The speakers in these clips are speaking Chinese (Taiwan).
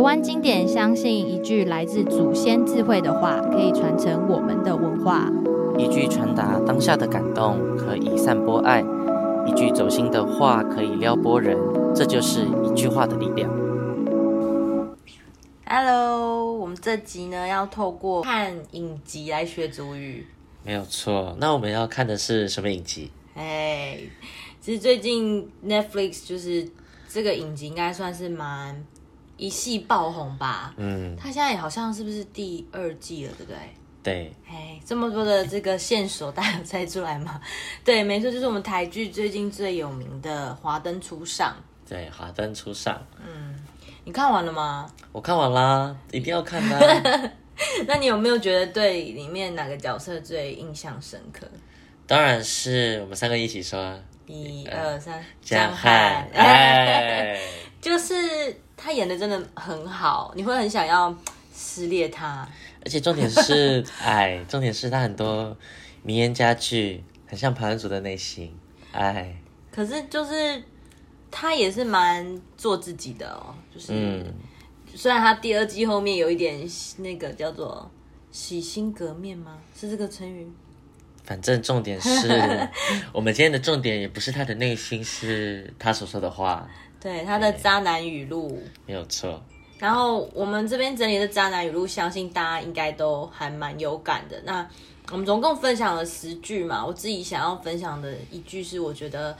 排灣經典相信一句來自祖先智慧的話，可以傳承我們的文化。一句傳達當下的感動，可以散播愛；一句走心的話，可以撩撥人。這就是一句話的力量。Hello，我們這集呢要透過看影集來學族語，沒有錯。那我們要看的是什麼影集？哎，hey, 其實最近 Netflix 就是這個影集，應該算是蠻。一戲爆紅吧，嗯，他現在也好像是不是第二季了，對不對？對，哎，這麼多的這個線索，大家有猜出來嗎？對，沒錯，就是我們台劇最近最有名的《華燈初上》。對，《華燈初上》，嗯，你看完了嗎？我看完啦，一定要看的。 那你有沒有覺得對裡面哪個角色最印象深刻？當然是我們三個一起說，一二三，江瀚，哎，就是。他演的真的很好，你會很想要撕裂他。而且重點是，哎， 重點是他很多名言佳句，很像旁人族的內心，哎。可是就是他也是蠻做自己的哦，就是，嗯、雖然他第二季後面有一點那個叫做洗心革面嗎？是這個成語？反正重點是， 我們今天的重點也不是他的內心，是他所說的話。對，他的渣男語錄沒有錯。然後我們這邊整理的渣男語錄，相信大家應該都還蠻有感的。那我們總共分享了十句嘛，我自己想要分享的一句是，我覺得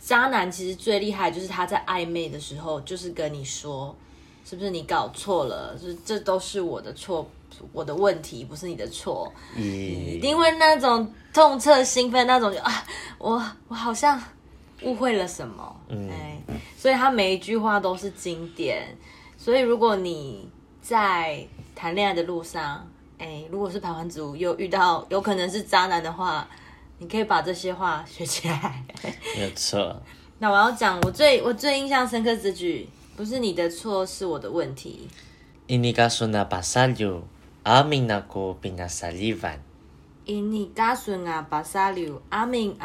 渣男其實最厲害就是他在曖昧的時候，就是跟你說，是不是你搞錯了？是，這都是我的錯，我的問題，不是你的錯。因、嗯、會那種痛徹心扉那種就，就啊，我我好像。誤會了什麼？哎，所以他每一句話都是經典。所以如果你在談戀愛的路上，欸、如果是排灣族又遇到有可能是渣男的話，你可以把這些話學起來。沒錯。 那我要講我最我最印象深刻這句，不是你的錯，是我的問題。因你家孫阿爸三六阿明阿姑比那三六萬。阿爸阿明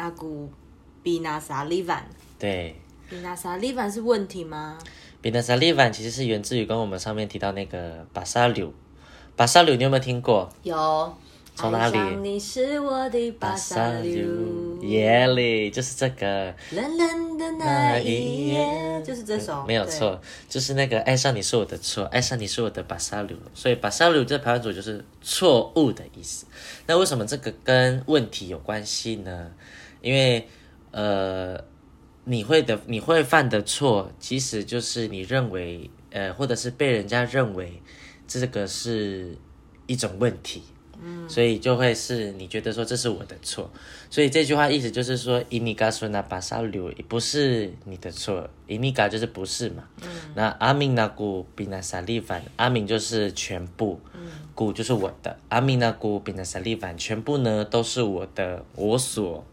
比那 n 利 s，對比那 n 利 s 是問題嗎？比那 n 利 s 其實是源自於跟我們上面提到那個巴 a s 巴 l u，你有沒有聽過？有，從哪裡？你是我的巴耶里就是這個。的那一夜就是這首沒有錯，就是那個愛上你是我的錯，愛上你是我的巴 a s，所以巴 a s 這排字組就是錯誤的意思。那為什麼這個跟問題有關係呢？因為呃，你會的，你會犯的錯，其實就是你認為，呃，或者是被人家認為這個是一種問題，嗯，所以就會是你覺得說這是我的錯，所以這句話意思就是說，伊尼嘎說那巴沙留伊不是你的錯，伊尼嘎就是不是嘛，那、嗯、阿明那古比那沙利凡，阿明就是全部，嗯，古就是我的，阿明那古比那沙利凡全部呢都是我的，我所。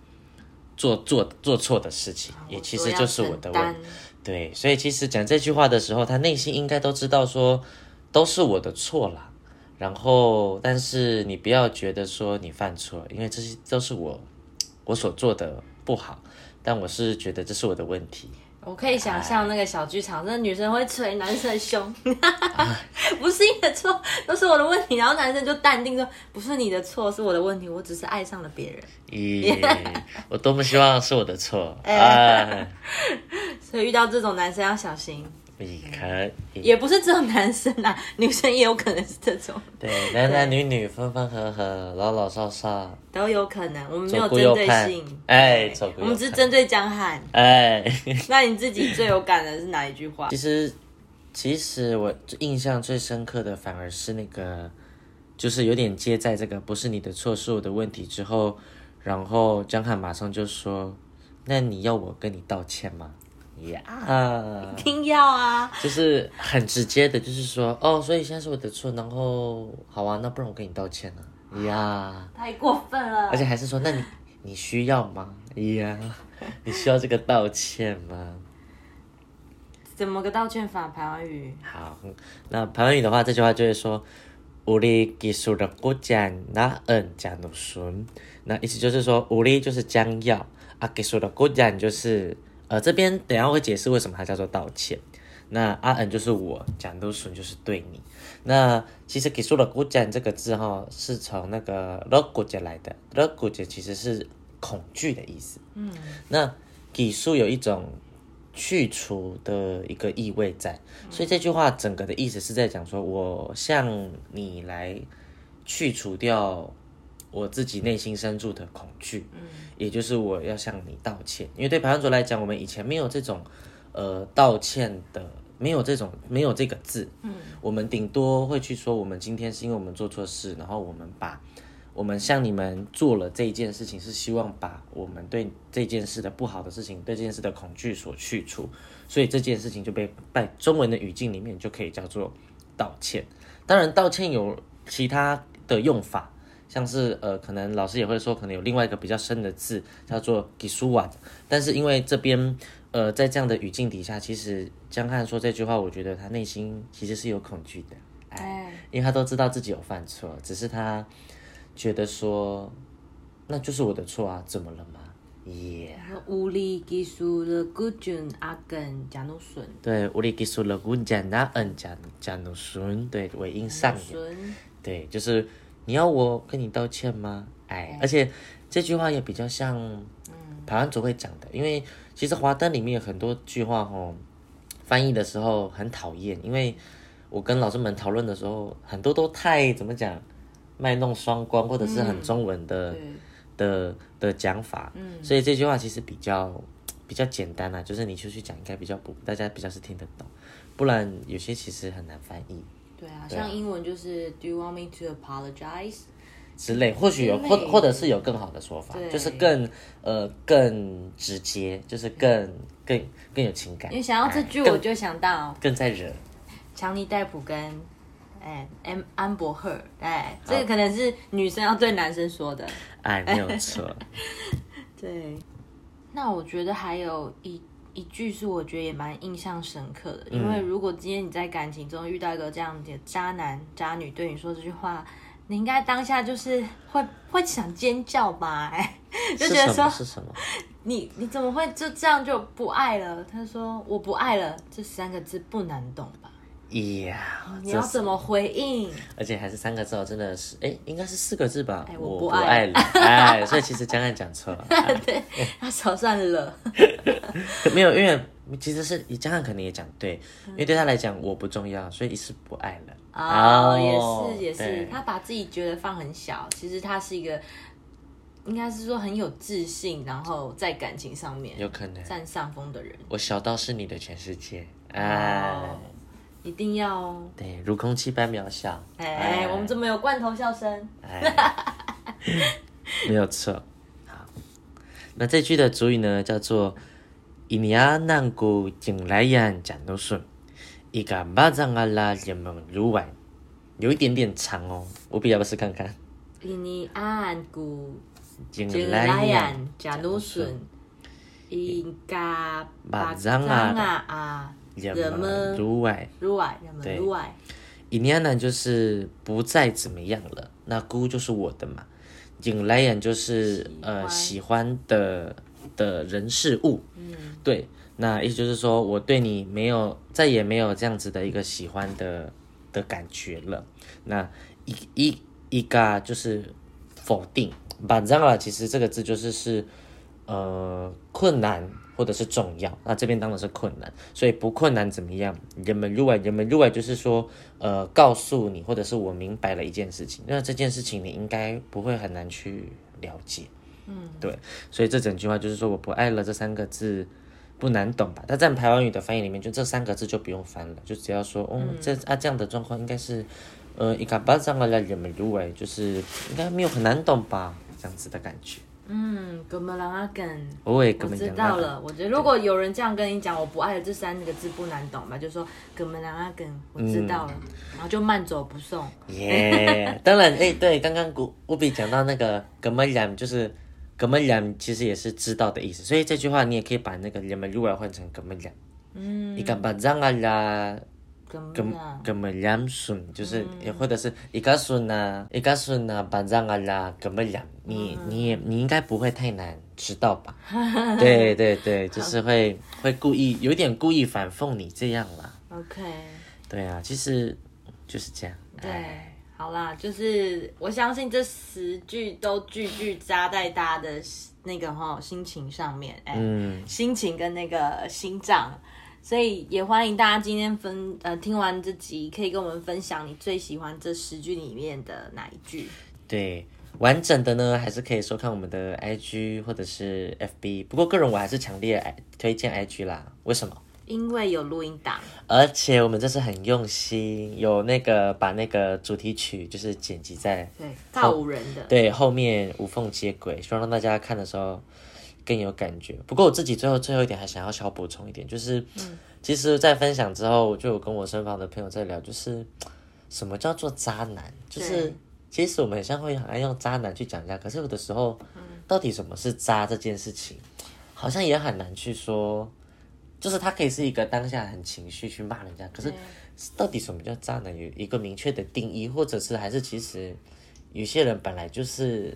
做做做錯的事情，也其實就是我的問題，對，所以其實講這句話的時候，他內心應該都知道說，都是我的錯啦。然後，但是你不要覺得說你犯錯，因為這些都是我，我所做的不好，但我是覺得這是我的問題。我可以想象那個小劇場，哎、那女生會捶男生的胸，啊、 不是你的錯，都、就是我的問題。然後男生就淡定說：“不是你的錯，是我的問題，我只是愛上了別人。”耶 Yeah, Yeah. 我多麼希望是我的錯啊！哎哎、 所以遇到這種男生要小心。也可以，也不是只有男生啊，女生也有可能是這種。對，男男女女，分分合合，對老老少少都有可能。我們沒有針對性，哎，我們只針對江瀚。哎、欸，那你自己最有感的是哪一句話？其實，其實我印象最深刻的反而是那個，就是有點接在這個“不是你的錯，是我的問題”之後，然後江瀚馬上就說：“那你要我跟你道歉嗎？”呀，一定要啊！就是很直接的，就是說，哦，所以現在是我的錯，然後好啊，那不然我跟你道歉啊。呀，太過分了！而且還是說，那你你需要嗎？呀，你需要這個道歉嗎？怎麼個道歉法？潘文宇，好，那潘文宇的話，這句話就是說，烏里基蘇的過將那恩將奴順，那意思就是說，烏里就是將要，基蘇的過將就是。呃，這邊等下會解釋為什麼它叫做道歉。那阿恩就是我，蔣都順就是對你。那其實給叔的古 u 這個字哈，是從那個 l u o g i a 來的 l u o g i a 其實是恐懼的意思。嗯，那給叔有一種去除的一個意味在，所以這句話整個的意思是在講說，我向你來去除掉。我自己內心深處的恐懼，嗯，也就是我要向你道歉，因為對排灣族來講，我們以前沒有這種，呃，道歉的，沒有這種，沒有這個字，嗯，我們頂多會去說，我們今天是因為我們做錯事，然後我們把我們向你們做了這一件事情，是希望把我們對這件事的不好的事情，對這件事的恐懼所去除，所以這件事情就被在中文的語境裡面就可以叫做道歉。當然，道歉有其他的用法。像是呃，可能老師也會說，可能有另外一個比較深的字叫做 gisuwan 但是因為這邊呃，在這樣的語境底下，其實江瀚說這句話，我覺得他內心其實是有恐懼的，唉因為他都知道自己有犯錯，只是他覺得說那就是我的錯啊，怎麼了嗎？耶、yeah。烏理基蘇勒古俊阿根加努順，對，烏理基蘇勒古加納恩加加努順，對，尾音上，對就是。你要我跟你道歉嗎？哎，Okay. 而且這句話也比較像，排灣族會講的。嗯、因為其實華燈裡面有很多句話吼、哦，翻譯的時候很討厭，因為我跟老師們討論的時候，很多都太怎麼講，賣弄雙關，嗯、或者是很中文的對的的講法。嗯、所以這句話其實比較比較簡單啦、啊，就是你出去講應該比較不，大家比較是聽得懂，不然有些其實很難翻譯。對啊，像英文就是、啊、"Do you want me to apologize?" 之類，或許有或，類或者是有更好的說法，對就是更呃更直接，就是更、嗯、更更有情感。你想要這句唉，我就想到更，更在惹，強尼戴普跟哎安安柏赫哎，這個可能是女生要對男生說的，哎沒有錯， 對，那我覺得還有一。一句是我覺得也蠻印象深刻的，因為如果今天你在感情中遇到一個這樣子的渣男渣女對你說這句話，你應該當下就是會會想尖叫吧、欸？哎，就覺得說是什麼？你你怎麼會就這樣就不愛了？他說我不愛了這三個字不難懂吧？呀 Yeah,、哦！你要怎麼回應？而且還是三個字，真的是哎、欸，應該是四個字吧？欸、我不愛了，愛了 哎，所以其實江瀚講錯了。 哎、對，他少算了。 沒有，因為其實是江瀚肯定也講對，因為對他來講我不重要，所以一是不愛了。哦，哦也，也是也是，對他把自己覺得放很小，其實他是一個應該是說很有自信，然後在感情上面有可能占上風的人。我小到是你的全世界哎。一定要哦！對，如空氣般渺小。欸哎、我們怎麼沒有罐頭笑聲？哎、 沒有錯，好。那這句的主語呢，叫做印年阿南古金萊揚加努順，一個巴掌阿拉一毛六萬，有一點點長哦。我比較不試看看。印年阿南古金萊揚加努順，一個巴掌阿拉。Yeah, 人們除外，除外愛，如愛對，inanna 就是不再怎麼樣了，那 gu 就是我的嘛，inlayn 就是喜歡呃喜歡的的人事物，嗯，對，那意思就是說我對你沒有，再也沒有這樣子的一個喜歡的的感覺了，那伊伊伊嘎就是否定，反正啊，其實這個字就是是呃困難。或者是重要，那這邊當然是困難，所以不困難怎麼樣？人們如果人們如果就是說，呃，告訴你，或者是我明白了一件事情，那這件事情你應該不會很難去了解，嗯，對，所以這整句話就是說，我不愛了這三個字不難懂吧？但在排灣語的翻譯裡面，就這三個字就不用翻了，就只要說，哦，這啊這樣的狀況應該是，呃，一個巴上的人們入愛，就是應該沒有很難懂吧，這樣子的感覺。嗯，格麼啷阿梗，我也知道了。我覺得如果有人這樣跟你講，我不愛的這三個字不難懂吧？就說，格麼啷阿梗，我知道了，然後就慢走不送。耶，Yeah, 當然，誒、欸，對，剛剛古古比講到那個格麼啷，就是格麼啷，其實也是知道的意思。所以這句話你也可以把那個人們如果換成格麼啷，嗯，你敢把讓阿拉。跟跟沒兩孫，就是也或者是一個孫啊，一個孫啊，班長啊啦，跟沒兩，你你你應該不會太難知道吧？對對對，就是會會故意有點故意反諷你這樣啦。OK。對啊，其實就是這樣。對，好啦，就是我相信這十句都句句扎在大家的那個哈心情上面，哎，心情跟那個心臟。所以也歡迎大家今天分呃聽完這集，可以跟我們分享你最喜歡這十句裡面的哪一句？對，完整的呢還是可以收看我們的 IG 或者是 FB。不過個人我還是強烈推薦 IG 啦，為什麼？因為有錄音檔，而且我們這是很用心，有那個把那個主題曲就是剪輯在對大無人的後對後面無縫接軌，希望讓大家看的時候。更有感覺。不過我自己最後最後一點還想要小補充一點，就是，嗯、其實，在分享之後，我就有跟我身旁的朋友在聊，就是什麼叫做渣男？對就是其實我們好像會很愛用渣男去講一下，可是有的時候，到底什麼是渣這件事情，嗯、好像也很難去說。就是他可以是一個當下很情緒去罵人家，對可是到底什麼叫渣男？有一個明確的定義，或者是還是其實有些人本來就是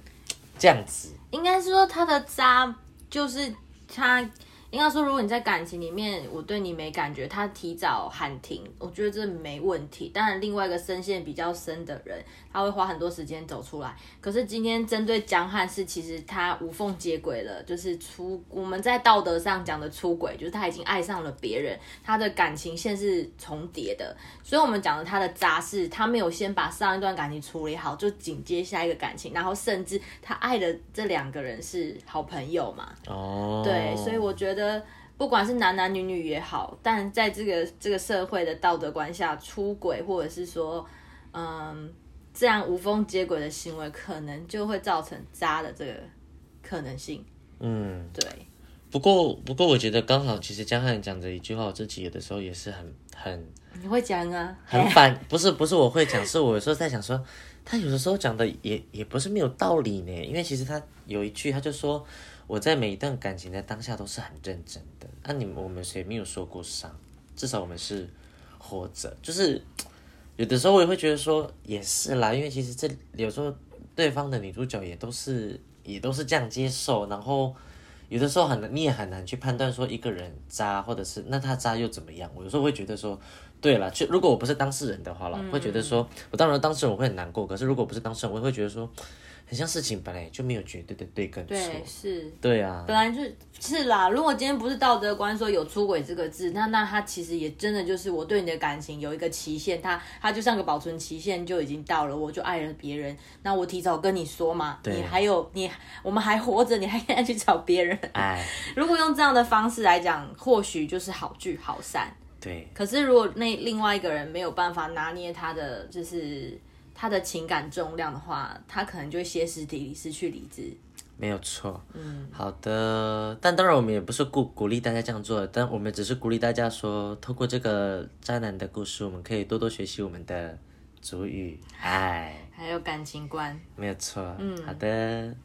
這樣子。應該是說他的渣。就是他。應該說，如果你在感情裡面，我對你沒感覺，他提早喊停，我覺得這沒問題。當然，另外一個深陷比較深的人，他會花很多時間走出來。可是今天針對江瀚是，其實他無縫接軌了，就是出我們在道德上講的出軌，就是他已經愛上了別人，他的感情線是重疊的。所以，我們講的他的渣是，他沒有先把上一段感情處理好，就緊接下一個感情，然後甚至他愛的這兩個人是好朋友嘛？哦，oh. 對，所以我覺得。的不管是男男女女也好，但在這個這個社會的道德觀下，出軌或者是說，嗯，自然無縫接軌的行為，可能就會造成渣的這個可能性。嗯，對。不過，不過，我覺得剛好，其實江瀚講的一句話，我自己有的時候也是很很你會講啊，很反煩， 不是不是，我會講，是我有時候在想說，他有的時候講的也也不是沒有道理呢，因為其實他有一句，他就說。我在每一段感情的當下都是很認真的。那、啊、你們我們誰沒有受過傷？至少我們是活着。就是有的時候我也會覺得說也是啦，因為其實這有時候對方的女主角也都是也都是這樣接受。然後有的時候很難，你也很難去判斷說一個人渣，或者是那他渣又怎麼樣？我有時候會覺得說，對了，就如果我不是當事人的話了，我會覺得說我當然當事人我會很難過，可是如果不是當事人，我也會覺得說。很像事情本來就沒有絕對的對跟錯是，對啊，本來就，是啦。如果今天不是道德觀說有出軌這個字，那那他其實也真的就是我對你的感情有一個期限，他他就像個保存期限就已經到了，我就愛了別人。那我提早跟你說嘛，對你還有你，我們還活着，你還應該去找別人。唉如果用這樣的方式來講，或許就是好聚好散。對，可是如果那另外一個人沒有辦法拿捏他的，就是。他的情感重量的話，他可能就會歇斯底里，失去理智。沒有錯，嗯，好的。但當然，我們也不是鼓鼓勵大家這樣做，但我們只是鼓勵大家說，透過這個渣男的故事，我們可以多多學習我們的族語，哎，還有感情觀。沒有錯，嗯，好的。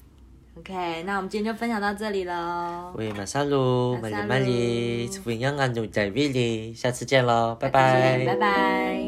OK，那我們今天就分享到這裡了。喂，馬薩魯，馬尼馬里，祝福兩岸都在瑞里，下次見嘍，拜拜，拜拜。拜拜。